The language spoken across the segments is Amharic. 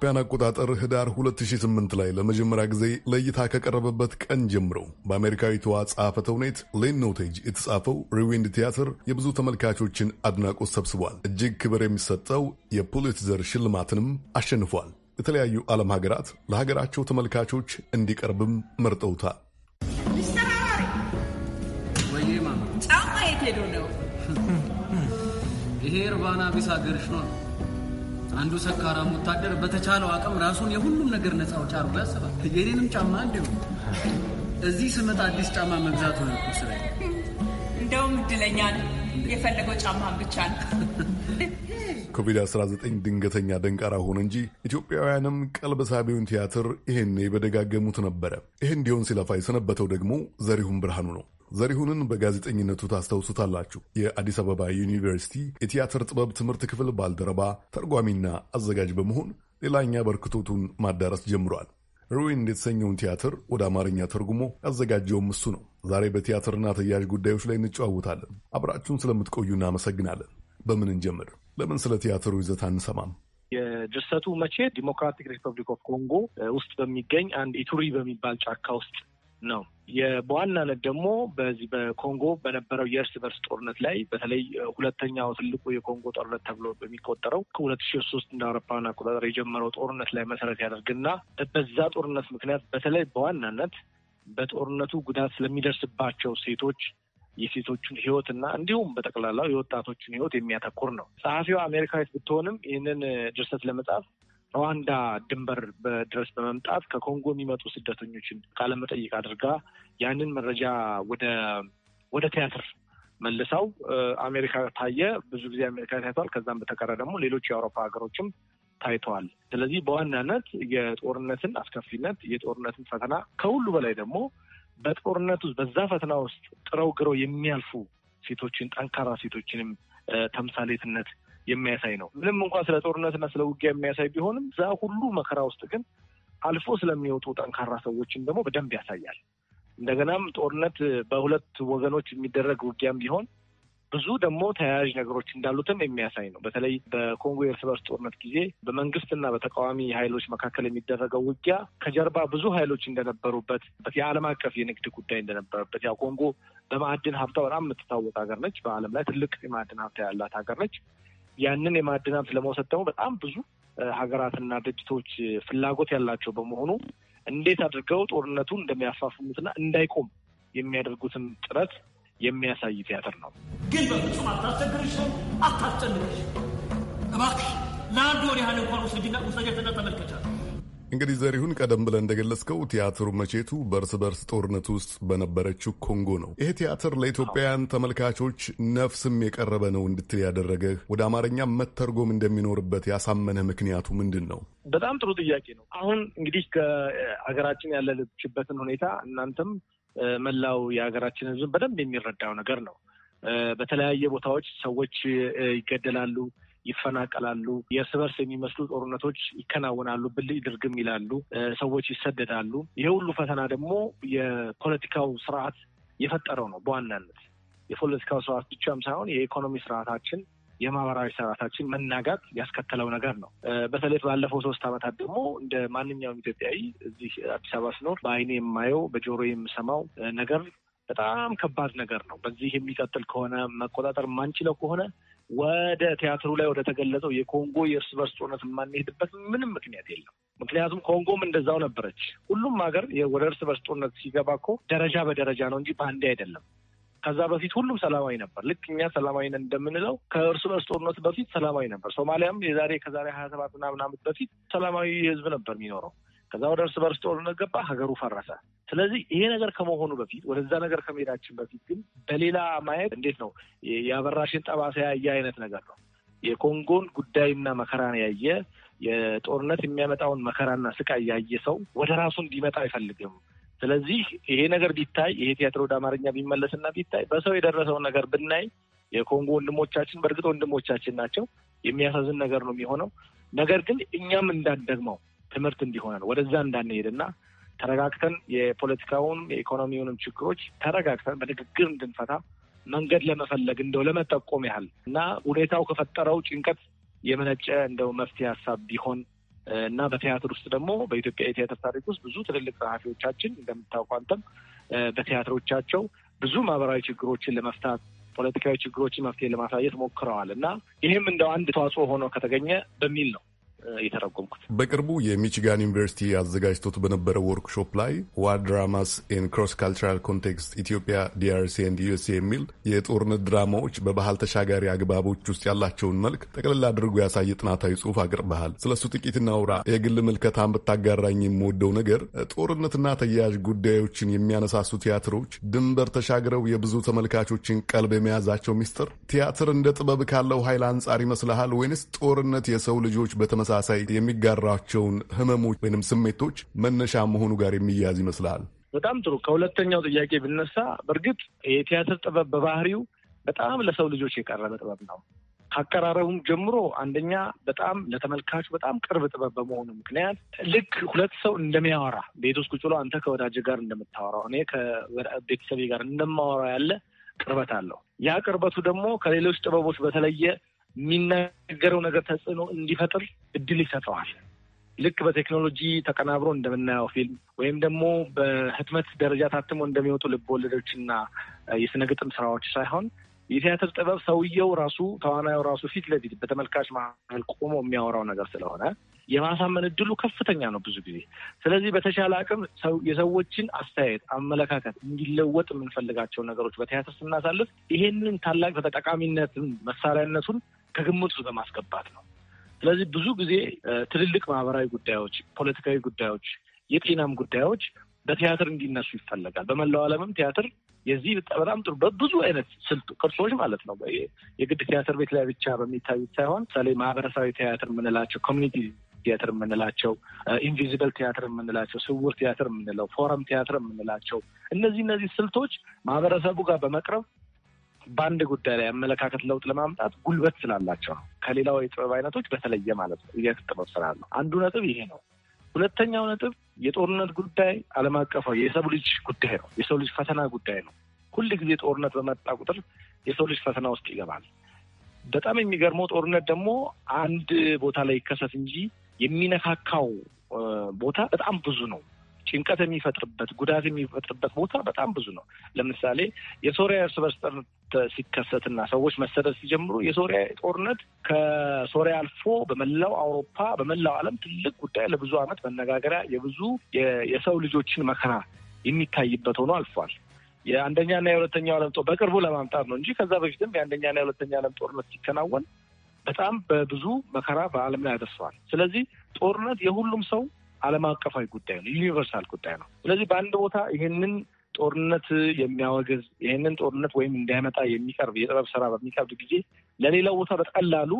አውሮፓውያን አቆጣጠር ህዳር 2008 ላይ ለመጀመሪያ ጊዜ ለእይታ ከቀረበበት ቀን ጀምሮ በአሜሪካዊቷ ጸሐፌ ተውኔት ሌን ኖቴጅ የተጻፈው ሪዊንድ ቲያትር የብዙ ተመልካቾችን አድናቆት ሰብስቧል። እጅግ ክብር የሚሰጠው የፑሊትዘር ሽልማትንም አሸንፏል። የተለያዩ ዓለም ሀገራት ለሀገራቸው ተመልካቾች እንዲቀርብም መርጠውታል። ይሄ እርባና ቢስ ሀገርሽ ነው። አንዱ ሰካራም ወታደር በተቻለው አቅም ራሱን የሁሉም ነገር ነፃ አውጪ አድርጎ ያስባል። የኔንም ጫማ እንዲሁ እዚህ ስመጣ አዲስ ጫማ መግዛት ሆነ እኮ እንደውም እድለኛ ነው የፈለገው ጫማ ብቻ ነው። ኮቪድ-19 ድንገተኛ ደንቃራ ሆነ እንጂ ኢትዮጵያውያንም ቀልብ ሳቢውን ቲያትር ይህን በደጋገሙት ነበረ። ይህ እንዲሆን ሲለፋ የሰነበተው ደግሞ ዘሪሁን ብርሃኑ ነው። ዘሪሁንን በጋዜጠኝነቱ ታስታውሱታላችሁ። የአዲስ አበባ ዩኒቨርሲቲ የቲያትር ጥበብ ትምህርት ክፍል ባልደረባ፣ ተርጓሚና አዘጋጅ በመሆን ሌላኛ በርክቶቱን ማዳረስ ጀምሯል። ሩዊንድ የተሰኘውን ቲያትር ወደ አማርኛ ተርጉሞ ያዘጋጀውም እሱ ነው። ዛሬ በቲያትርና ተያያዥ ጉዳዮች ላይ እንጨዋወታለን። አብራችሁን ስለምትቆዩ እናመሰግናለን። በምን እንጀምር? ለምን ስለ ቲያትሩ ይዘት አንሰማም? የድርሰቱ መቼት ዲሞክራቲክ ሪፐብሊክ ኦፍ ኮንጎ ውስጥ በሚገኝ አንድ ኢቱሪ በሚባል ጫካ ውስጥ ነው። በዋናነት ደግሞ በዚህ በኮንጎ በነበረው የእርስ በርስ ጦርነት ላይ በተለይ ሁለተኛው ትልቁ የኮንጎ ጦርነት ተብሎ በሚቆጠረው ከሁለት ሺ ሶስት እንደ አውሮፓውያን አቆጣጠር የጀመረው ጦርነት ላይ መሰረት ያደርግና በዛ ጦርነት ምክንያት በተለይ በዋናነት በጦርነቱ ጉዳት ስለሚደርስባቸው ሴቶች የሴቶቹን ሕይወትና እንዲሁም በጠቅላላው የወጣቶችን ህይወት የሚያተኩር ነው። ጸሐፊው አሜሪካዊት ብትሆንም ይህንን ድርሰት ለመጻፍ ሩዋንዳ ድንበር ድረስ በመምጣት ከኮንጎ የሚመጡ ስደተኞችን ቃለመጠይቅ አድርጋ ያንን መረጃ ወደ ወደ ቲያትር መልሰው አሜሪካ ታየ። ብዙ ጊዜ አሜሪካ ታይተዋል። ከዛም በተቀረ ደግሞ ሌሎች የአውሮፓ ሀገሮችም ታይተዋል። ስለዚህ በዋናነት የጦርነትን አስከፊነት፣ የጦርነትን ፈተና ከሁሉ በላይ ደግሞ በጦርነት ውስጥ በዛ ፈተና ውስጥ ጥረው ግረው የሚያልፉ ሴቶችን ጠንካራ ሴቶችንም ተምሳሌትነት የሚያሳይ ነው። ምንም እንኳን ስለ ጦርነትና ስለ ውጊያ የሚያሳይ ቢሆንም እዛ ሁሉ መከራ ውስጥ ግን አልፎ ስለሚወጡ ጠንካራ ሰዎችን ደግሞ በደንብ ያሳያል። እንደገናም ጦርነት በሁለት ወገኖች የሚደረግ ውጊያም ቢሆን ብዙ ደግሞ ተያያዥ ነገሮች እንዳሉትም የሚያሳይ ነው። በተለይ በኮንጎ የእርስ በርስ ጦርነት ጊዜ በመንግስትና በተቃዋሚ ኃይሎች መካከል የሚደረገው ውጊያ ከጀርባ ብዙ ኃይሎች እንደነበሩበት፣ የዓለም አቀፍ የንግድ ጉዳይ እንደነበረበት፣ ያው ኮንጎ በማዕድን ሀብታ በጣም የምትታወቅ ሀገር ነች። በዓለም ላይ ትልቅ የማዕድን ሀብታ ያላት ሀገር ነች። ያንን የማዕድን ሀብት ለመውሰድ ደግሞ በጣም ብዙ ሀገራትና ድርጅቶች ፍላጎት ያላቸው በመሆኑ እንዴት አድርገው ጦርነቱን እንደሚያፋፍሙትና እንዳይቆም የሚያደርጉትን ጥረት የሚያሳይ ቲያትር ነው። ግን በፍጹም አታስቸግርሽ፣ አታስጨንቅሽ። እባክሽ ለአንድ ወር ያህል እንኳን ውሰጅና ውሰጃትና ተመልከቻል እንግዲህ ዘሪሁን፣ ቀደም ብለን እንደገለጽከው ቲያትሩ መቼቱ በእርስ በርስ ጦርነት ውስጥ በነበረችው ኮንጎ ነው። ይሄ ቲያትር ለኢትዮጵያውያን ተመልካቾች ነፍስም የቀረበ ነው እንድትል ያደረገህ ወደ አማርኛ መተርጎም እንደሚኖርበት ያሳመነህ ምክንያቱ ምንድን ነው? በጣም ጥሩ ጥያቄ ነው። አሁን እንግዲህ ከሀገራችን ያለችበትን ሁኔታ እናንተም መላው የሀገራችን ሕዝብ በደንብ የሚረዳው ነገር ነው። በተለያየ ቦታዎች ሰዎች ይገደላሉ። ይፈናቀላሉ። የእርስ በርስ የሚመስሉ ጦርነቶች ይከናወናሉ። ብልጭ ድርግም ይላሉ። ሰዎች ይሰደዳሉ። ይህ ሁሉ ፈተና ደግሞ የፖለቲካው ስርዓት የፈጠረው ነው በዋናነት የፖለቲካው ስርዓት ብቻም ሳይሆን የኢኮኖሚ ስርዓታችን የማህበራዊ ስርዓታችን መናጋት ያስከተለው ነገር ነው። በተለይ ባለፈው ሶስት ዓመታት ደግሞ እንደ ማንኛውም ኢትዮጵያዊ እዚህ አዲስ አበባ ስኖር በአይኔ የማየው በጆሮ የምሰማው ነገር በጣም ከባድ ነገር ነው። በዚህ የሚቀጥል ከሆነ መቆጣጠር የማንችለው ከሆነ ወደ ቲያትሩ ላይ ወደ ተገለጸው የኮንጎ የእርስ በርስ ጦርነት የማንሄድበት ምንም ምክንያት የለም። ምክንያቱም ኮንጎም እንደዛው ነበረች። ሁሉም ሀገር ወደ እርስ በርስ ጦርነት ሲገባ እኮ ደረጃ በደረጃ ነው እንጂ በአንዴ አይደለም። ከዛ በፊት ሁሉም ሰላማዊ ነበር። ልክ እኛ ሰላማዊ ነን እንደምንለው ከእርስ በርስ ጦርነት በፊት ሰላማዊ ነበር። ሶማሊያም የዛሬ ከዛሬ ሀያ ሰባት ምናምን ዓመት በፊት ሰላማዊ ህዝብ ነበር የሚኖረው። ከዛ ወደ እርስ በርስ ጦርነት ገባ፣ ሀገሩ ፈረሰ። ስለዚህ ይሄ ነገር ከመሆኑ በፊት ወደዛ ነገር ከመሄዳችን በፊት ግን በሌላ ማየት እንዴት ነው የአበራሽን ጠባሳ ያየ አይነት ነገር ነው። የኮንጎን ጉዳይና መከራን ያየ የጦርነት የሚያመጣውን መከራና ስቃይ ያየ ሰው ወደ ራሱ እንዲመጣ አይፈልግም። ስለዚህ ይሄ ነገር ቢታይ ይሄ ቲያትር ወደ አማርኛ ቢመለስና ቢታይ በሰው የደረሰውን ነገር ብናይ የኮንጎ ወንድሞቻችን በእርግጥ ወንድሞቻችን ናቸው። የሚያሳዝን ነገር ነው የሚሆነው። ነገር ግን እኛም እንዳንደግመው ትምህርት እንዲሆነን ወደዛ እንዳንሄድና ተረጋግተን የፖለቲካውንም የኢኮኖሚውንም ችግሮች ተረጋግተን በንግግር እንድንፈታ መንገድ ለመፈለግ እንደው ለመጠቆም ያህል እና ሁኔታው ከፈጠረው ጭንቀት የመነጨ እንደው መፍትሄ ሀሳብ ቢሆን እና በቲያትር ውስጥ ደግሞ በኢትዮጵያ የቲያትር ታሪክ ውስጥ ብዙ ትልልቅ ጸሐፊዎቻችን እንደምታውቀው አንተም በቲያትሮቻቸው ብዙ ማህበራዊ ችግሮችን ለመፍታት ፖለቲካዊ ችግሮችን መፍትሄ ለማሳየት ሞክረዋል እና ይህም እንደው አንድ ተዋጽኦ ሆኖ ከተገኘ በሚል ነው። የተረጎምኩት። በቅርቡ የሚችጋን ዩኒቨርሲቲ አዘጋጅቶት በነበረው ወርክሾፕ ላይ ዋር ድራማስ ኢን ክሮስ ካልቸራል ኮንቴክስት ኢትዮጵያ ዲአርሲ ኤንድ ዩኤስኤ የሚል የጦርነት ድራማዎች በባህል ተሻጋሪ አግባቦች ውስጥ ያላቸውን መልክ ጠቅልል አድርጎ ያሳየ ጥናታዊ ጽሑፍ አቅርበሃል። ስለሱ ጥቂት እናውራ። የግል ምልከታን ብታጋራኝ የምወደው ነገር ጦርነትና ተያያዥ ጉዳዮችን የሚያነሳሱ ቲያትሮች ድንበር ተሻግረው የብዙ ተመልካቾችን ቀልብ የመያዛቸው ሚስጥር ቲያትር እንደ ጥበብ ካለው ኃይል አንጻር ይመስልሃል ወይንስ ጦርነት የሰው ልጆች በተመ በተመሳሳይ የሚጋራቸውን ህመሞች ወይንም ስሜቶች መነሻ መሆኑ ጋር የሚያያዝ ይመስላል። በጣም ጥሩ። ከሁለተኛው ጥያቄ ብነሳ በእርግጥ የቲያትር ጥበብ በባህሪው በጣም ለሰው ልጆች የቀረበ ጥበብ ነው። ከአቀራረቡም ጀምሮ አንደኛ በጣም ለተመልካቹ በጣም ቅርብ ጥበብ በመሆኑ ምክንያት ልክ ሁለት ሰው እንደሚያወራ ቤት ውስጥ ቁጭ ብሎ አንተ ከወዳጅ ጋር እንደምታወራው እኔ ከቤተሰቤ ጋር እንደማወራው ያለ ቅርበት አለው። ያ ቅርበቱ ደግሞ ከሌሎች ጥበቦች በተለየ የሚናገረው ነገር ተጽዕኖ እንዲፈጥር እድል ይሰጠዋል። ልክ በቴክኖሎጂ ተቀናብሮ እንደምናየው ፊልም ወይም ደግሞ በህትመት ደረጃ ታትሞ እንደሚወጡ ልብ ወለዶችና የስነ ግጥም ስራዎች ሳይሆን የቲያትር ጥበብ ሰውየው ራሱ ተዋናዩ ራሱ ፊት ለፊት በተመልካች መሀል ቆሞ የሚያወራው ነገር ስለሆነ የማሳመን እድሉ ከፍተኛ ነው ብዙ ጊዜ። ስለዚህ በተሻለ አቅም የሰዎችን አስተያየት፣ አመለካከት እንዲለወጥ የምንፈልጋቸው ነገሮች በቲያትር ስናሳልፍ ይሄንን ታላቅ ተጠቃሚነትን መሳሪያነቱን ከግምት ውስጥ በማስገባት ነው። ስለዚህ ብዙ ጊዜ ትልልቅ ማህበራዊ ጉዳዮች፣ ፖለቲካዊ ጉዳዮች፣ የጤናም ጉዳዮች በቲያትር እንዲነሱ ይፈለጋል። በመላው ዓለምም ቲያትር የዚህ በጣም ጥሩ በብዙ አይነት ስልት ቅርሶች ማለት ነው። የግድ ቲያትር ቤት ላይ ብቻ በሚታዩት ሳይሆን ምሳሌ ማህበረሰባዊ ቲያትር የምንላቸው፣ ኮሚኒቲ ቲያትር የምንላቸው፣ ኢንቪዚብል ቲያትር የምንላቸው፣ ስውር ቲያትር የምንለው፣ ፎረም ቲያትር የምንላቸው እነዚህ እነዚህ ስልቶች ማህበረሰቡ ጋር በመቅረብ በአንድ ጉዳይ ላይ አመለካከት ለውጥ ለማምጣት ጉልበት ስላላቸው ነው። ከሌላው የጥበብ አይነቶች በተለየ ማለት ነው። የት ጥበብ ስራ ነው። አንዱ ነጥብ ይሄ ነው። ሁለተኛው ነጥብ የጦርነት ጉዳይ ዓለም አቀፋዊ የሰው ልጅ ጉዳይ ነው። የሰው ልጅ ፈተና ጉዳይ ነው። ሁል ጊዜ ጦርነት በመጣ ቁጥር የሰው ልጅ ፈተና ውስጥ ይገባል። በጣም የሚገርመው ጦርነት ደግሞ አንድ ቦታ ላይ ይከሰት እንጂ የሚነካካው ቦታ በጣም ብዙ ነው። ጭንቀት የሚፈጥርበት ጉዳት የሚፈጥርበት ቦታ በጣም ብዙ ነው። ለምሳሌ የሶሪያ እርስ በርስ ጦርነት ሲከሰትና ሰዎች መሰረት ሲጀምሩ የሶሪያ ጦርነት ከሶሪያ አልፎ በመላው አውሮፓ፣ በመላው ዓለም ትልቅ ጉዳይ ለብዙ ዓመት መነጋገሪያ የብዙ የሰው ልጆችን መከራ የሚታይበት ሆኖ አልፏል። የአንደኛና የሁለተኛው ዓለም ጦር በቅርቡ ለማምጣት ነው እንጂ ከዛ በፊትም የአንደኛና የሁለተኛ ዓለም ጦርነት ሲከናወን በጣም በብዙ መከራ በዓለም ላይ ያደርሰዋል። ስለዚህ ጦርነት የሁሉም ሰው ዓለም አቀፋዊ ጉዳይ ነው፣ ዩኒቨርሳል ጉዳይ ነው። ስለዚህ በአንድ ቦታ ይሄንን ጦርነት የሚያወግዝ ይህንን ጦርነት ወይም እንዳይመጣ የሚቀርብ የጥበብ ስራ በሚቀርብ ጊዜ ለሌላው ቦታ በቀላሉ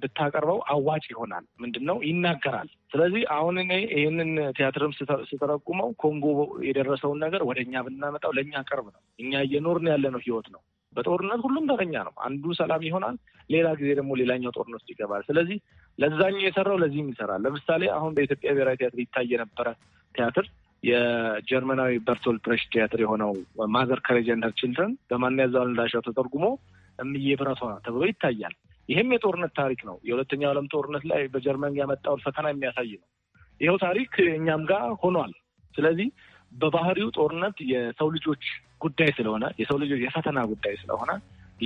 ብታቀርበው አዋጭ ይሆናል። ምንድን ነው ይናገራል። ስለዚህ አሁን እኔ ይህንን ቲያትርም ስተረጉመው ኮንጎ የደረሰውን ነገር ወደ እኛ ብናመጣው ለእኛ ቅርብ ነው። እኛ እየኖርን ያለነው ህይወት ነው። በጦርነት ሁሉም ተረኛ ነው። አንዱ ሰላም ይሆናል፣ ሌላ ጊዜ ደግሞ ሌላኛው ጦርነት ውስጥ ይገባል። ስለዚህ ለዛኛው የሰራው ለዚህም ይሰራል። ለምሳሌ አሁን በኢትዮጵያ ብሔራዊ ቲያትር ይታይ የነበረ ቲያትር የጀርመናዊ በርቶል ፕሬሽ ቲያትር የሆነው ማዘር ከሬጀንደር ችልድረን በማን ያዘዋል እንዳሻው ተተርጉሞ እምዬ ብረቷ ተብሎ ይታያል። ይህም የጦርነት ታሪክ ነው። የሁለተኛው ዓለም ጦርነት ላይ በጀርመን ያመጣውን ፈተና የሚያሳይ ነው። ይኸው ታሪክ እኛም ጋር ሆኗል። ስለዚህ በባህሪው ጦርነት የሰው ልጆች ጉዳይ ስለሆነ የሰው ልጆች የፈተና ጉዳይ ስለሆነ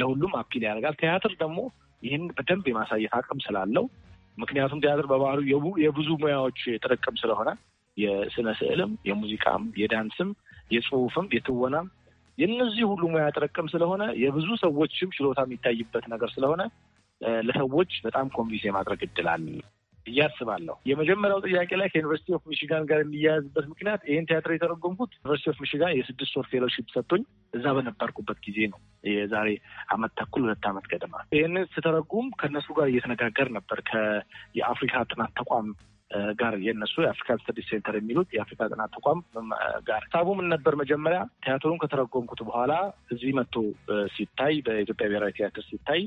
ለሁሉም አፒል ያደርጋል። ቲያትር ደግሞ ይህን በደንብ የማሳየት አቅም ስላለው ምክንያቱም ቲያትር በባህሉ የብዙ ሙያዎች ጥርቅም ስለሆነ የስነ ስዕልም፣ የሙዚቃም፣ የዳንስም፣ የጽሁፍም፣ የትወናም የእነዚህ ሁሉ ሙያ ጥርቅም ስለሆነ የብዙ ሰዎችም ችሎታ የሚታይበት ነገር ስለሆነ ለሰዎች በጣም ኮንቪንስ የማድረግ እድል አለ። ብዬ አስባለሁ። የመጀመሪያው ጥያቄ ላይ ከዩኒቨርሲቲ ኦፍ ሚሽጋን ጋር የሚያያዝበት ምክንያት ይህን ቲያትር የተረጎምኩት ዩኒቨርሲቲ ኦፍ ሚሽጋን የስድስት ወር ፌሎሺፕ ሰጥቶኝ እዛ በነበርኩበት ጊዜ ነው። የዛሬ አመት ተኩል ሁለት አመት ገደማ ይህንን ስተረጉም ከእነሱ ጋር እየተነጋገር ነበር የአፍሪካ ጥናት ተቋም ጋር የእነሱ የአፍሪካ ስተዲስ ሴንተር የሚሉት የአፍሪካ ጥናት ተቋም ጋር ሳቡ ምን ነበር መጀመሪያ ቲያትሩን ከተረጎምኩት በኋላ እዚህ መጥቶ ሲታይ በኢትዮጵያ ብሔራዊ ቲያትር ሲታይ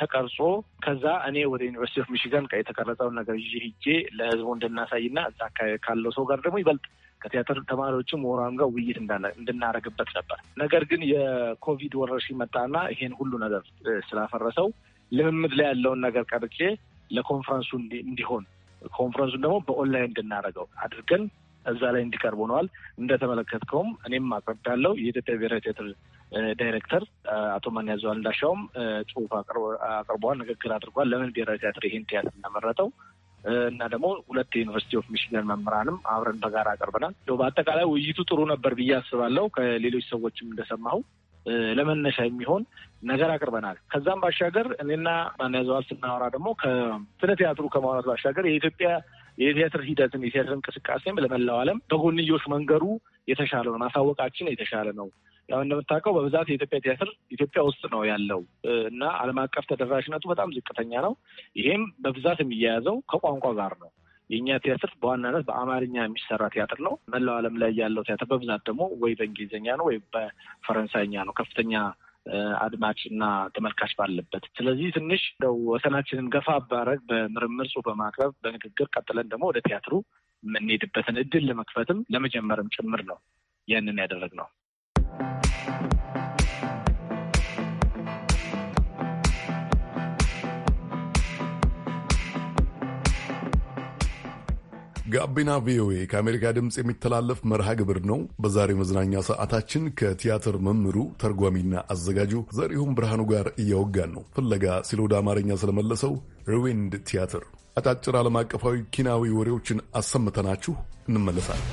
ተቀርጾ ከዛ እኔ ወደ ዩኒቨርሲቲ ኦፍ ሚሽጋን የተቀረጸውን ነገር ይዤ ሂጄ ለህዝቡ እንድናሳይና እዛ አካባቢ ካለው ሰው ጋር ደግሞ ይበልጥ ከቲያትር ተማሪዎችም ወራም ጋር ውይይት እንድናደርግበት ነበር። ነገር ግን የኮቪድ ወረርሽኝ መጣና ይሄን ሁሉ ነገር ስላፈረሰው ልምምድ ላይ ያለውን ነገር ቀርጬ ለኮንፈረንሱ እንዲሆን ኮንፈረንሱን ደግሞ በኦንላይን እንድናደርገው አድርገን እዛ ላይ እንዲቀርቡ ሆነዋል። እንደተመለከትከውም እኔም አቅርዳለው ያለው የኢትዮጵያ ብሔራዊ ቲያትር ዳይሬክተር አቶ ማንያዘዋል እንዳሻውም ጽሁፍ አቅርቧል ንግግር አድርጓል። ለምን ብሔራዊ ቲያትር ይህን ቲያትር እናመረጠው እና ደግሞ ሁለት የዩኒቨርሲቲ ኦፍ ሚሽገን መምህራንም አብረን በጋራ አቅርበናል። በአጠቃላይ ውይይቱ ጥሩ ነበር ብዬ አስባለሁ። ከሌሎች ሰዎችም እንደሰማሁ ለመነሻ የሚሆን ነገር አቅርበናል። ከዛም ባሻገር እኔና ማንያዘዋል ስናወራ ደግሞ ከስነ ቲያትሩ ከማውራት ባሻገር የኢትዮጵያ የቲያትር ሂደትን የቲያትር እንቅስቃሴም ለመላው ዓለም በጎንዮሽ መንገዱ የተሻለ ነው፣ ማሳወቃችን የተሻለ ነው ያው እንደምታውቀው በብዛት የኢትዮጵያ ቲያትር ኢትዮጵያ ውስጥ ነው ያለው እና ዓለም አቀፍ ተደራሽነቱ በጣም ዝቅተኛ ነው። ይሄም በብዛት የሚያያዘው ከቋንቋ ጋር ነው። የእኛ ቲያትር በዋናነት በአማርኛ የሚሰራ ቲያትር ነው። መላው ዓለም ላይ ያለው ቲያትር በብዛት ደግሞ ወይ በእንግሊዝኛ ነው ወይ በፈረንሳይኛ ነው ከፍተኛ አድማጭ እና ተመልካች ባለበት። ስለዚህ ትንሽ ደው ወሰናችንን ገፋ አባረግ በምርምር ጽሑፍ በማቅረብ በንግግር ቀጥለን ደግሞ ወደ ቲያትሩ የምንሄድበትን እድል ለመክፈትም ለመጀመርም ጭምር ነው ያንን ነው። ጋቢና ቪኦኤ ከአሜሪካ ድምፅ የሚተላለፍ መርሃ ግብር ነው። በዛሬ መዝናኛ ሰዓታችን ከቲያትር መምህሩ ተርጓሚና አዘጋጁ ዘሪሁን ብርሃኑ ጋር እያወጋን ነው። ፍለጋ ሲል ወደ አማርኛ ስለመለሰው ሪዌንድ ቲያትር አጫጭር ዓለም አቀፋዊ ኪናዊ ወሬዎችን አሰምተናችሁ እንመለሳለን።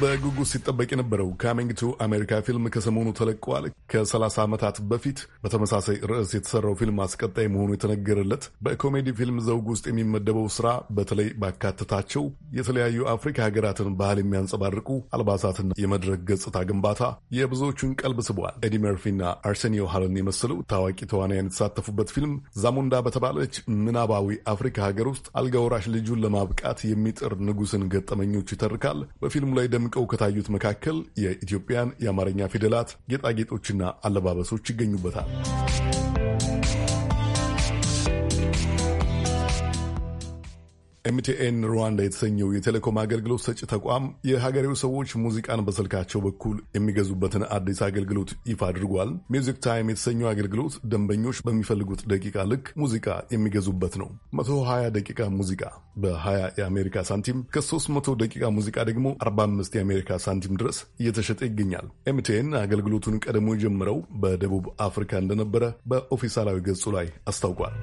በጉጉት ሲጠበቅ የነበረው ካሚንግ ቱ አሜሪካ ፊልም ከሰሞኑ ተለቀዋል። ከ30 ዓመታት በፊት በተመሳሳይ ርዕስ የተሰራው ፊልም አስቀጣይ መሆኑ የተነገረለት በኮሜዲ ፊልም ዘውግ ውስጥ የሚመደበው ስራ በተለይ ባካተታቸው የተለያዩ አፍሪካ ሀገራትን ባህል የሚያንጸባርቁ አልባሳትና የመድረክ ገጽታ ግንባታ የብዙዎቹን ቀልብ ስቧል። ኤዲ መርፊና አርሴኒዮ ሃልን የመሰሉ ታዋቂ ተዋናያን የተሳተፉበት ፊልም ዛሙንዳ በተባለች ምናባዊ አፍሪካ ሀገር ውስጥ አልጋ ወራሽ ልጁን ለማብቃት የሚጥር ንጉስን ገጠመኞች ይተርካል። በፊልሙ ላይ ደምቀው ከታዩት መካከል የኢትዮጵያን የአማርኛ ፊደላት ጌጣጌጦችና አለባበሶች ይገኙበታል። ኤምቲኤን ሩዋንዳ የተሰኘው የቴሌኮም አገልግሎት ሰጪ ተቋም የሀገሬው ሰዎች ሙዚቃን በስልካቸው በኩል የሚገዙበትን አዲስ አገልግሎት ይፋ አድርጓል። ሚውዚክ ታይም የተሰኘው አገልግሎት ደንበኞች በሚፈልጉት ደቂቃ ልክ ሙዚቃ የሚገዙበት ነው። 120 ደቂቃ ሙዚቃ በ20 የአሜሪካ ሳንቲም፣ ከ300 ደቂቃ ሙዚቃ ደግሞ 45 የአሜሪካ ሳንቲም ድረስ እየተሸጠ ይገኛል። ኤምቲኤን አገልግሎቱን ቀድሞ የጀመረው በደቡብ አፍሪካ እንደነበረ በኦፊሳላዊ ገጹ ላይ አስታውቋል።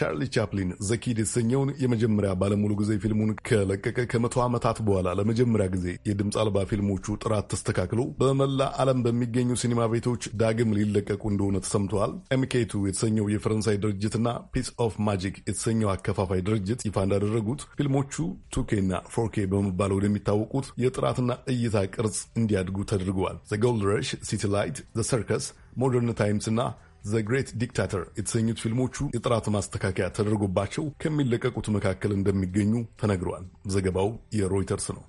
ቻርሊ ቻፕሊን ዘኪድ የተሰኘውን የመጀመሪያ ባለሙሉ ጊዜ ፊልሙን ከለቀቀ ከመቶ ዓመታት በኋላ ለመጀመሪያ ጊዜ የድምፅ አልባ ፊልሞቹ ጥራት ተስተካክሎ በመላ ዓለም በሚገኙ ሲኒማ ቤቶች ዳግም ሊለቀቁ እንደሆነ ተሰምተዋል። ኤምኬቱ የተሰኘው የፈረንሳይ ድርጅትና ፒስ ኦፍ ማጂክ የተሰኘው አከፋፋይ ድርጅት ይፋ እንዳደረጉት ፊልሞቹ ቱኬና ፎርኬ በመባል ወደሚታወቁት የጥራትና እይታ ቅርጽ እንዲያድጉ ተደርገዋል። ዘ ጎልድ ረሽ፣ ሲቲ ላይት፣ ዘ ሰርከስ፣ ሞደርን ታይምስ እና ዘ ግሬት ዲክታተር የተሰኙት ፊልሞቹ የጥራት ማስተካከያ ተደርጎባቸው ከሚለቀቁት መካከል እንደሚገኙ ተነግረዋል። ዘገባው የሮይተርስ ነው።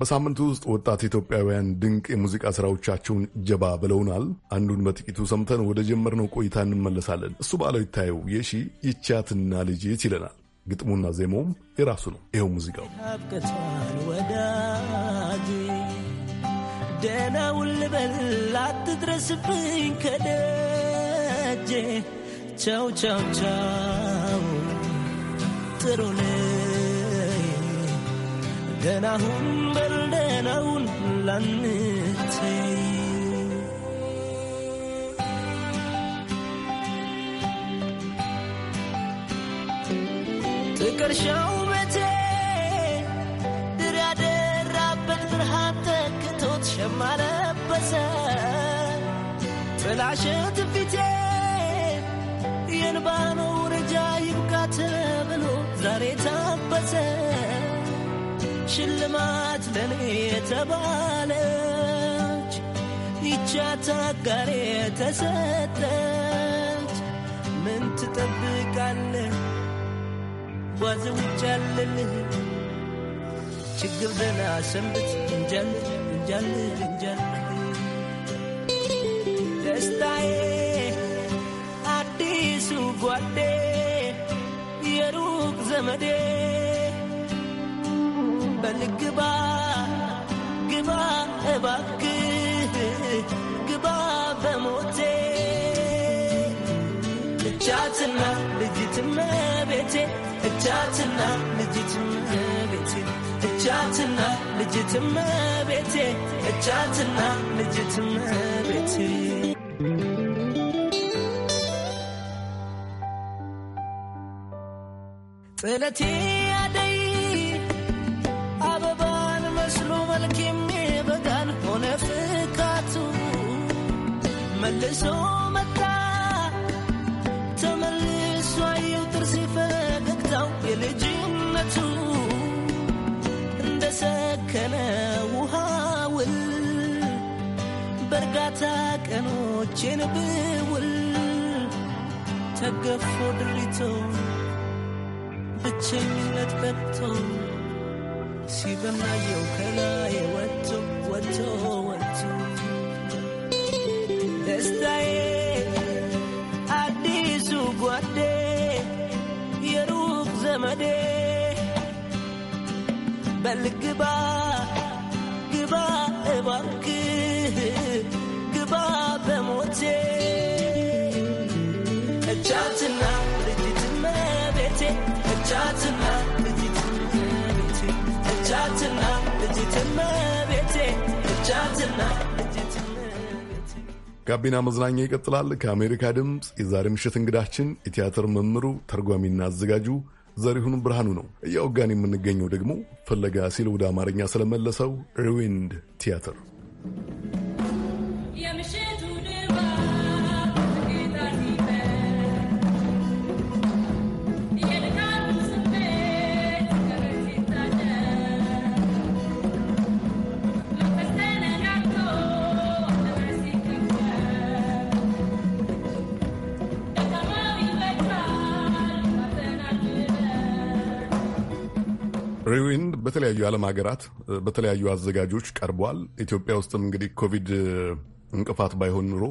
በሳምንቱ ውስጥ ወጣት ኢትዮጵያውያን ድንቅ የሙዚቃ ስራዎቻቸውን ጀባ ብለውናል። አንዱን በጥቂቱ ሰምተን ወደ ጀመርነው ቆይታ እንመለሳለን። እሱ ባለው ይታየው የሺ ይቻትና ልጅት ይለናል። ግጥሙና ዜማውም የራሱ ነው። ይኸው ሙዚቃው አብቅቷን ወዳጅ ደህናውን ልበል አትድረስብኝ ከደጄ ቻው ቻው ቻው ጥሩን ደህናሁን በል ደህናውን ላንቴ ፍቅርሸው መቼ ድር ያደራበት ብርሃን ተክቶት ሸማ ለበሰ ጥላሸት ፊቴ የንባኖ ውርጃ ይብቃ ተብሎ ዛሬ ታበሰ ሽልማት ለኔ የተባለች ይቻታ ጋር የተሰጠች ምን ትጠብቃለህ? ጓዝ ችግር ደህና ሰንብት እንጃል እንጃል እንጃል ደስታዬ አዲሱ ጓዴ የሩቅ ዘመዴ በልግባ ግባ እባክ ግባ በሞቴ ልጃትና ልጅትመ ቤቴ እጃትና ልጅትም እጃትና ልጅትም እጃትና ልጅትም ቤቴ ጥለቴ አደይ አበባን መስሎ መልክ የሚበጋን ሆነ ፍካቱ መልሶ በእውነቱ እንደ ሰከነ ውሃውል በእርጋታ ቀኖቼን ብውል ተገፎ ድሪቶ ብቸኝነት በቅቶ ሲበማየው ከላይ ወጥቶ ወጥቶ ወጥቶ ደስታዬ አዲሱ ጓዴ የሩቅ ዘመዴ በል ግባ ግባ እባክህ ግባ በሞቴ እጃትና ልጅትመ ቤቴ እጃትና እጃትና ልጅትመ ቤቴ እጃትና ጋቢና መዝናኛ ይቀጥላል። ከአሜሪካ ድምፅ የዛሬ ምሽት እንግዳችን የቲያትር መምህሩ ተርጓሚና አዘጋጁ ዘሪሁን ብርሃኑ ነው። እያወጋን የምንገኘው ደግሞ ፍለጋ ሲል ወደ አማርኛ ስለመለሰው ሪዊንድ ቲያትር ሪዊንድ በተለያዩ የዓለም ሀገራት በተለያዩ አዘጋጆች ቀርቧል። ኢትዮጵያ ውስጥም እንግዲህ ኮቪድ እንቅፋት ባይሆን ኑሮ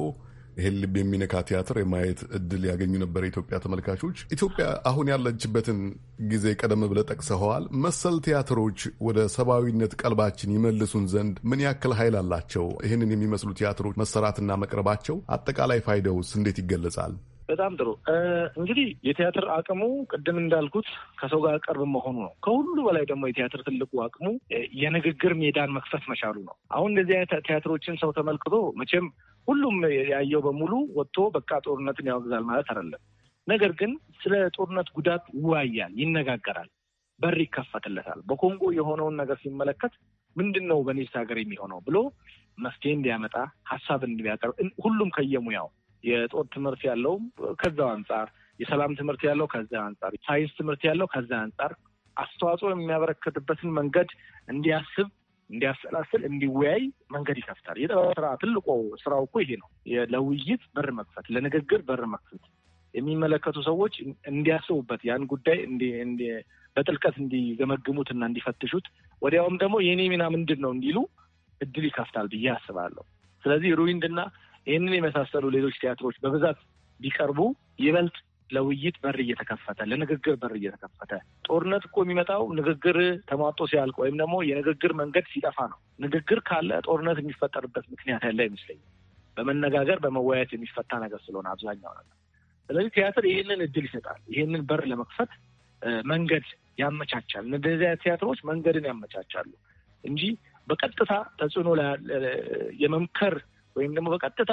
ይሄን ልብ የሚነካ ቲያትር የማየት እድል ያገኙ ነበር የኢትዮጵያ ተመልካቾች። ኢትዮጵያ አሁን ያለችበትን ጊዜ ቀደም ብለህ ጠቅሰኸዋል። መሰል ቲያትሮች ወደ ሰብአዊነት ቀልባችን ይመልሱን ዘንድ ምን ያክል ኃይል አላቸው? ይህንን የሚመስሉ ቲያትሮች መሰራትና መቅረባቸው አጠቃላይ ፋይዳውስ እንዴት ይገለጻል? በጣም ጥሩ እንግዲህ የቲያትር አቅሙ ቅድም እንዳልኩት ከሰው ጋር ቅርብ መሆኑ ነው። ከሁሉ በላይ ደግሞ የቲያትር ትልቁ አቅሙ የንግግር ሜዳን መክፈት መቻሉ ነው። አሁን እንደዚህ አይነት ቲያትሮችን ሰው ተመልክቶ መቼም ሁሉም ያየው በሙሉ ወጥቶ በቃ ጦርነትን ያወግዛል ማለት አይደለም። ነገር ግን ስለ ጦርነት ጉዳት ይወያያል፣ ይነጋገራል፣ በር ይከፈትለታል። በኮንጎ የሆነውን ነገር ሲመለከት ምንድን ነው በኔስ ሀገር የሚሆነው ብሎ መፍትሄ እንዲያመጣ ሀሳብ እንዲያቀርብ ሁሉም ከየሙያው የጦር ትምህርት ያለው ከዛው አንጻር፣ የሰላም ትምህርት ያለው ከዛ አንጻር፣ ሳይንስ ትምህርት ያለው ከዛ አንጻር አስተዋጽኦ የሚያበረከትበትን መንገድ እንዲያስብ እንዲያሰላስል እንዲወያይ መንገድ ይከፍታል። የጥበብ ስራ ትልቁ ስራው እኮ ይሄ ነው። ለውይይት በር መክፈት፣ ለንግግር በር መክፈት፣ የሚመለከቱ ሰዎች እንዲያስቡበት ያን ጉዳይ በጥልቀት እንዲገመግሙት እና እንዲፈትሹት፣ ወዲያውም ደግሞ የኔ ሚና ምንድን ነው እንዲሉ እድል ይከፍታል ብዬ አስባለሁ። ስለዚህ ሩዊንድና ይህንን የመሳሰሉ ሌሎች ቲያትሮች በብዛት ቢቀርቡ ይበልጥ ለውይይት በር እየተከፈተ ለንግግር በር እየተከፈተ ጦርነት እኮ የሚመጣው ንግግር ተሟጦ ሲያልቅ ወይም ደግሞ የንግግር መንገድ ሲጠፋ ነው። ንግግር ካለ ጦርነት የሚፈጠርበት ምክንያት ያለ አይመስለኝም። በመነጋገር በመወያየት የሚፈታ ነገር ስለሆነ አብዛኛው ነገር። ስለዚህ ቲያትር ይህንን እድል ይሰጣል። ይህንን በር ለመክፈት መንገድ ያመቻቻል። እነዚያ ቲያትሮች መንገድን ያመቻቻሉ እንጂ በቀጥታ ተጽዕኖ የመምከር ወይም ደግሞ በቀጥታ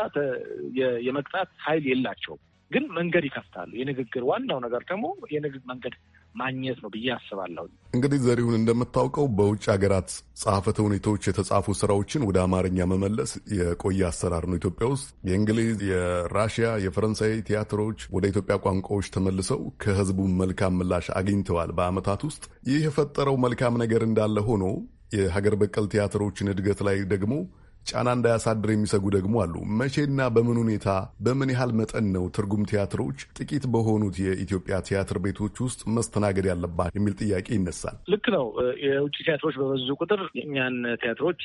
የመቅጣት ኃይል የላቸውም። ግን መንገድ ይከፍታሉ። የንግግር ዋናው ነገር ደግሞ የንግግር መንገድ ማግኘት ነው ብዬ አስባለሁ። እንግዲህ ዘሪሁን፣ እንደምታውቀው በውጭ ሀገራት ጸሐፈተ ሁኔታዎች የተጻፉ ስራዎችን ወደ አማርኛ መመለስ የቆየ አሰራር ነው። ኢትዮጵያ ውስጥ የእንግሊዝ፣ የራሽያ፣ የፈረንሳይ ቲያትሮች ወደ ኢትዮጵያ ቋንቋዎች ተመልሰው ከህዝቡ መልካም ምላሽ አግኝተዋል በአመታት ውስጥ። ይህ የፈጠረው መልካም ነገር እንዳለ ሆኖ የሀገር በቀል ቲያትሮችን እድገት ላይ ደግሞ ጫና እንዳያሳድር የሚሰጉ ደግሞ አሉ። መቼና በምን ሁኔታ በምን ያህል መጠን ነው ትርጉም ቲያትሮች ጥቂት በሆኑት የኢትዮጵያ ቲያትር ቤቶች ውስጥ መስተናገድ ያለባት የሚል ጥያቄ ይነሳል። ልክ ነው። የውጭ ቲያትሮች በበዙ ቁጥር እኛን ቲያትሮች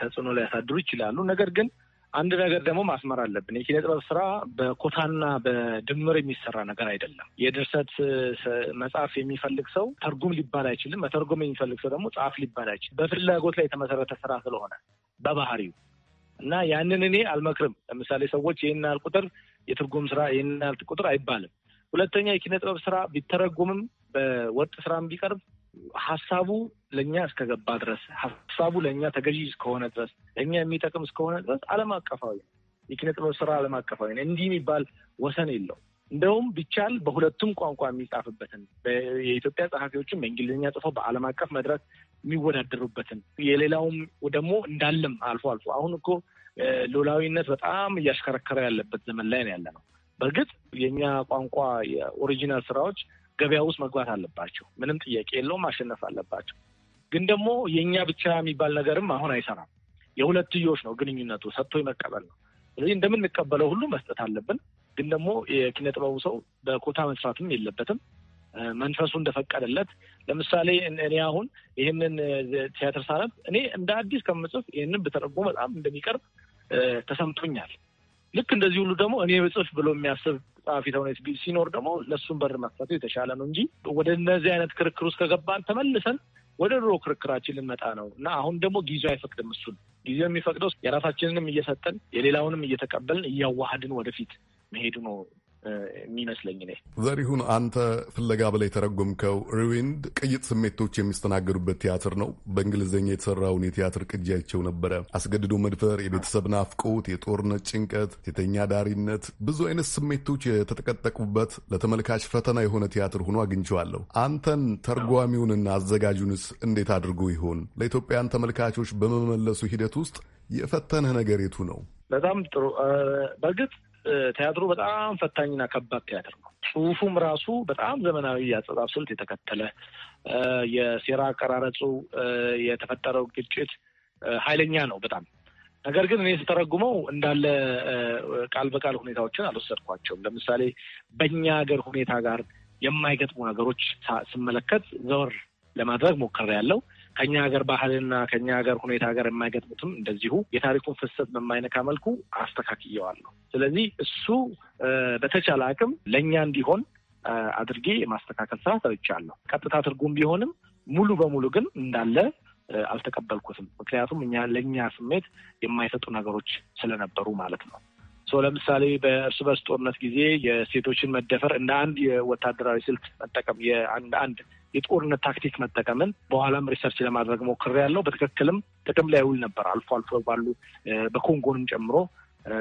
ተጽዕኖ ሊያሳድሩ ይችላሉ። ነገር ግን አንድ ነገር ደግሞ ማስመር አለብን። የኪነ ጥበብ ስራ በኮታና በድምር የሚሰራ ነገር አይደለም። የድርሰት መጽሐፍ የሚፈልግ ሰው ተርጉም ሊባል አይችልም። መተርጎም የሚፈልግ ሰው ደግሞ ጸሐፍ ሊባል አይችልም። በፍላጎት ላይ የተመሰረተ ስራ ስለሆነ በባህሪው እና ያንን እኔ አልመክርም። ለምሳሌ ሰዎች ይህን ያህል ቁጥር የትርጉም ስራ ይህን ያህል ቁጥር አይባልም። ሁለተኛ የኪነ ጥበብ ስራ ቢተረጉምም በወጥ ስራም ቢቀርብ ሀሳቡ ለእኛ እስከገባ ድረስ ሀሳቡ ለእኛ ተገዢ እስከሆነ ድረስ ለእኛ የሚጠቅም እስከሆነ ድረስ ዓለም አቀፋዊ ነው። የኪነ ጥበብ ስራ ዓለም አቀፋዊ ነው። እንዲህ የሚባል ወሰን የለው። እንደውም ቢቻል በሁለቱም ቋንቋ የሚጻፍበትን የኢትዮጵያ ጸሐፊዎችም በእንግሊዝኛ ጽፎ በዓለም አቀፍ መድረክ የሚወዳደሩበትን የሌላውም ደግሞ እንዳለም አልፎ አልፎ አሁን እኮ ሎላዊነት በጣም እያሽከረከረ ያለበት ዘመን ላይ ነው ያለ ነው። በእርግጥ የእኛ ቋንቋ የኦሪጂናል ስራዎች ገበያ ውስጥ መግባት አለባቸው። ምንም ጥያቄ የለውም። ማሸነፍ አለባቸው። ግን ደግሞ የእኛ ብቻ የሚባል ነገርም አሁን አይሰራም። የሁለትዮሽ ነው ግንኙነቱ፣ ሰጥቶ መቀበል ነው። ስለዚህ እንደምንቀበለው ሁሉ መስጠት አለብን። ግን ደግሞ የኪነ ጥበቡ ሰው በኮታ መስራትም የለበትም። መንፈሱ እንደፈቀደለት። ለምሳሌ እኔ አሁን ይህንን ቲያትር ሳነብ እኔ እንደ አዲስ ከምጽፍ ይህንን ብተረጎ በጣም እንደሚቀርብ ተሰምቶኛል። ልክ እንደዚህ ሁሉ ደግሞ እኔ ብጽፍ ብሎ የሚያስብ ጸሐፊ ተውኔት ሲኖር ደግሞ ለእሱን በር መክፈቱ የተሻለ ነው እንጂ ወደ እነዚህ አይነት ክርክር ውስጥ ከገባን ተመልሰን ወደ ድሮ ክርክራችን ልንመጣ ነው እና አሁን ደግሞ ጊዜው አይፈቅድም። እሱን ጊዜው የሚፈቅደው የራሳችንንም እየሰጠን የሌላውንም እየተቀበልን እያዋሃድን ወደፊት መሄዱ ነው የሚመስለኝ እኔ። ዘሪሁን አንተ ፍለጋ በላይ የተረጎምከው ሪዊንድ ቅይጥ ስሜቶች የሚስተናገዱበት ቲያትር ነው። በእንግሊዝኛ የተሰራውን የቲያትር ቅጃቸው አይቼው ነበረ። አስገድዶ መድፈር፣ የቤተሰብ ናፍቆት፣ የጦርነት ጭንቀት፣ ሴተኛ ዳሪነት፣ ብዙ አይነት ስሜቶች የተጠቀጠቁበት ለተመልካች ፈተና የሆነ ቲያትር ሆኖ አግኝቼዋለሁ። አንተን ተርጓሚውንና አዘጋጁንስ እንዴት አድርጎ ይሆን ለኢትዮጵያን ተመልካቾች በመመለሱ ሂደት ውስጥ የፈተነህ ነገር የቱ ነው? በጣም ጥሩ በእርግጥ ቲያትሩ በጣም ፈታኝና ከባድ ቲያትር ነው። ጽሁፉም ራሱ በጣም ዘመናዊ የአጸጻፍ ስልት የተከተለ የሴራ አቀራረጹ የተፈጠረው ግጭት ኃይለኛ ነው በጣም ነገር ግን እኔ ስተረጉመው እንዳለ ቃል በቃል ሁኔታዎችን አልወሰድኳቸውም። ለምሳሌ በእኛ ሀገር ሁኔታ ጋር የማይገጥሙ ነገሮች ስመለከት ዘወር ለማድረግ ሞከሬ ያለው ከኛ ሀገር ባህልና ከኛ ሀገር ሁኔታ ጋር የማይገጥሙትም እንደዚሁ የታሪኩን ፍሰት በማይነካ መልኩ አስተካክየዋለሁ። ስለዚህ እሱ በተቻለ አቅም ለእኛ እንዲሆን አድርጌ የማስተካከል ስራ ሰርቻለሁ። ቀጥታ ትርጉም ቢሆንም ሙሉ በሙሉ ግን እንዳለ አልተቀበልኩትም። ምክንያቱም እኛ ለእኛ ስሜት የማይሰጡ ነገሮች ስለነበሩ ማለት ነው። ለምሳሌ በእርስ በርስ ጦርነት ጊዜ የሴቶችን መደፈር እንደ አንድ የወታደራዊ ስልት መጠቀም የአንድ አንድ የጦርነት ታክቲክ መጠቀምን በኋላም ሪሰርች ለማድረግ ሞክር ያለው በትክክልም ጥቅም ላይ ይውል ነበር። አልፎ አልፎ ባሉ በኮንጎንም ጨምሮ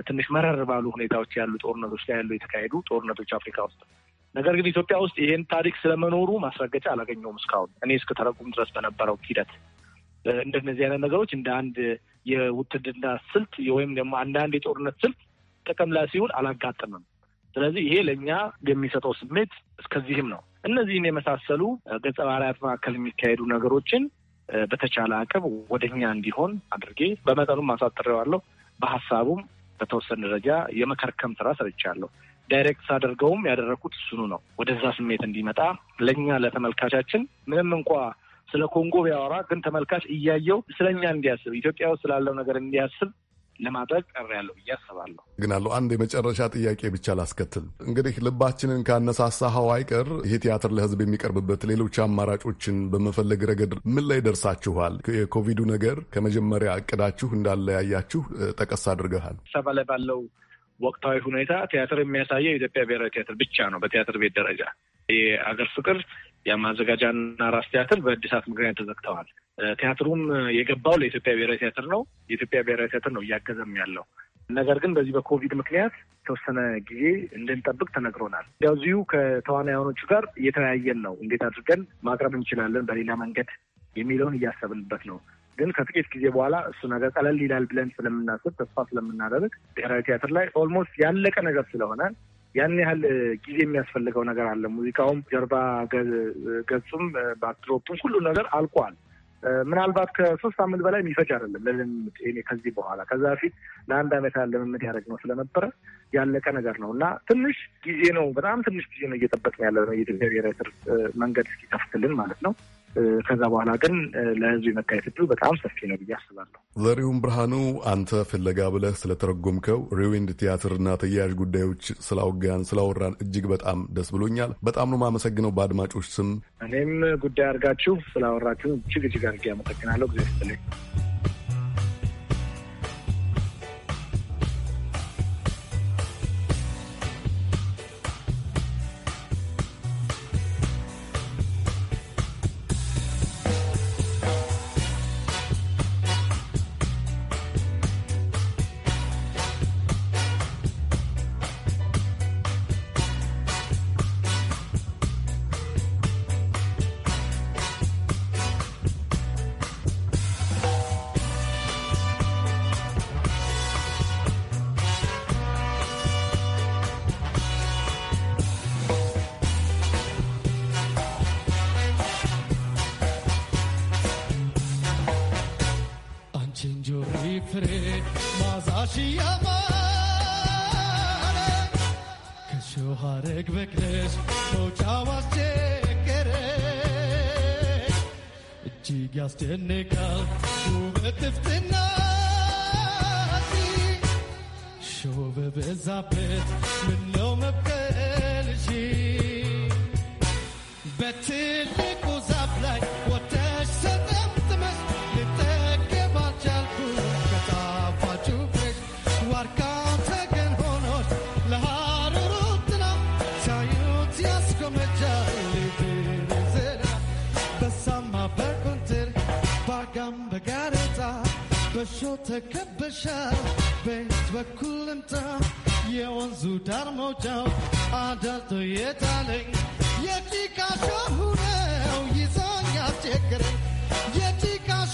ትንሽ መረር ባሉ ሁኔታዎች ያሉ ጦርነቶች ላይ ያሉ የተካሄዱ ጦርነቶች አፍሪካ ውስጥ ነገር ግን ኢትዮጵያ ውስጥ ይሄን ታሪክ ስለመኖሩ ማስረገጫ አላገኘውም እስካሁን እኔ እስከ ተረቁም ድረስ በነበረው ሂደት እንደነዚህ አይነት ነገሮች እንደ አንድ የውትድና ስልት ወይም ደግሞ አንዳንድ የጦርነት ስልት ጥቅም ላይ ሲውል አላጋጥምም። ስለዚህ ይሄ ለእኛ የሚሰጠው ስሜት እስከዚህም ነው። እነዚህን የመሳሰሉ ገጸ ባህሪያት መካከል የሚካሄዱ ነገሮችን በተቻለ አቅም ወደኛ እንዲሆን አድርጌ በመጠኑም አሳጥሬዋለሁ። በሀሳቡም በተወሰነ ደረጃ የመከርከም ስራ ሰርቻለሁ። ዳይሬክት ሳደርገውም ያደረግኩት እሱኑ ነው። ወደዛ ስሜት እንዲመጣ ለእኛ ለተመልካቻችን ምንም እንኳ ስለ ኮንጎ ቢያወራ ግን ተመልካች እያየው ስለኛ እንዲያስብ ኢትዮጵያ ውስጥ ስላለው ነገር እንዲያስብ ለማድረግ ቀር ያለው ብዬ አስባለሁ። ግን አለው አንድ የመጨረሻ ጥያቄ ብቻ ላስከትል። እንግዲህ ልባችንን ካነሳሳኸው አይቀር ይህ ቲያትር ለህዝብ የሚቀርብበት ሌሎች አማራጮችን በመፈለግ ረገድ ምን ላይ ደርሳችኋል? የኮቪዱ ነገር ከመጀመሪያ እቅዳችሁ እንዳለያያችሁ ጠቀስ አድርገሃል። ሰባ ላይ ባለው ወቅታዊ ሁኔታ ቲያትር የሚያሳየው የኢትዮጵያ ብሔራዊ ቲያትር ብቻ ነው። በቲያትር ቤት ደረጃ የአገር ፍቅር የማዘጋጃና ራስ ቲያትር በእድሳት ምክንያት ተዘግተዋል። ቲያትሩም የገባው ለኢትዮጵያ ብሔራዊ ቲያትር ነው። የኢትዮጵያ ብሔራዊ ቲያትር ነው እያገዘም ያለው። ነገር ግን በዚህ በኮቪድ ምክንያት የተወሰነ ጊዜ እንድንጠብቅ ተነግሮናል። ያዚሁ ከተዋናዮቹ ጋር እየተወያየን ነው፣ እንዴት አድርገን ማቅረብ እንችላለን በሌላ መንገድ የሚለውን እያሰብንበት ነው። ግን ከጥቂት ጊዜ በኋላ እሱ ነገር ቀለል ይላል ብለን ስለምናስብ ተስፋ ስለምናደርግ ብሔራዊ ቲያትር ላይ ኦልሞስት ያለቀ ነገር ስለሆነ ያን ያህል ጊዜ የሚያስፈልገው ነገር አለ። ሙዚቃውም ጀርባ ገጹም ባክድሮፑም ሁሉ ነገር አልቋል። ምናልባት ከሶስት ሳምንት በላይ የሚፈጅ አይደለም ለልምምድ እኔ ከዚህ በኋላ ከዛ በፊት ለአንድ ዓመት ያህል ልምምድ ያደረግነው ስለነበረ ያለቀ ነገር ነው እና ትንሽ ጊዜ ነው፣ በጣም ትንሽ ጊዜ ነው እየጠበቅን ያለ ነው የኢትዮጵያ ብሔራዊ መንገድ እስኪከፍትልን ማለት ነው። ከዛ በኋላ ግን ለህዝብ የመታየት እድሉ በጣም ሰፊ ነው ብዬ አስባለሁ። ዘሪሁን ብርሃኑ፣ አንተ ፍለጋ ብለህ ስለተረጎምከው ሪዊንድ ቲያትርና ተያያዥ ጉዳዮች ስላወጋን ስላወራን እጅግ በጣም ደስ ብሎኛል። በጣም ነው የማመሰግነው በአድማጮች ስም። እኔም ጉዳይ አድርጋችሁ ስላወራችሁ እጅግ እጅግ አድርጌ አመሰግናለሁ። ጊዜ ስትልኝ عمري ما زاش يماني كل شهرك بكلش وجاوز تكري اجيك يستنكال وبتفتناتي شوف بزابت من በጋሬጣ በሾ ተከበሻ ቤት በኩልምታ የወንዙ ዳር መውጫው አደርቶ የታለኝ የጭቃሾ ሁነው ይዞኝ አስቸግረኝ የጭቃሾ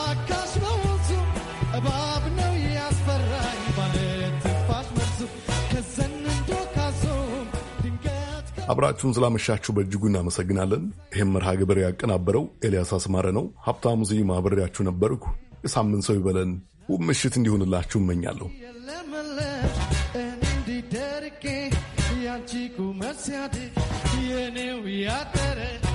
አብራችሁን ስላመሻችሁ በእጅጉ እናመሰግናለን። ይህም መርሃ ግብር ያቀናበረው ኤልያስ አስማረ ነው። ሀብታሙ ዚ ማብሬያችሁ ነበርኩ። የሳምንት ሰው ይበለን። ውብ ምሽት እንዲሆንላችሁ እመኛለሁ። ያጠረ።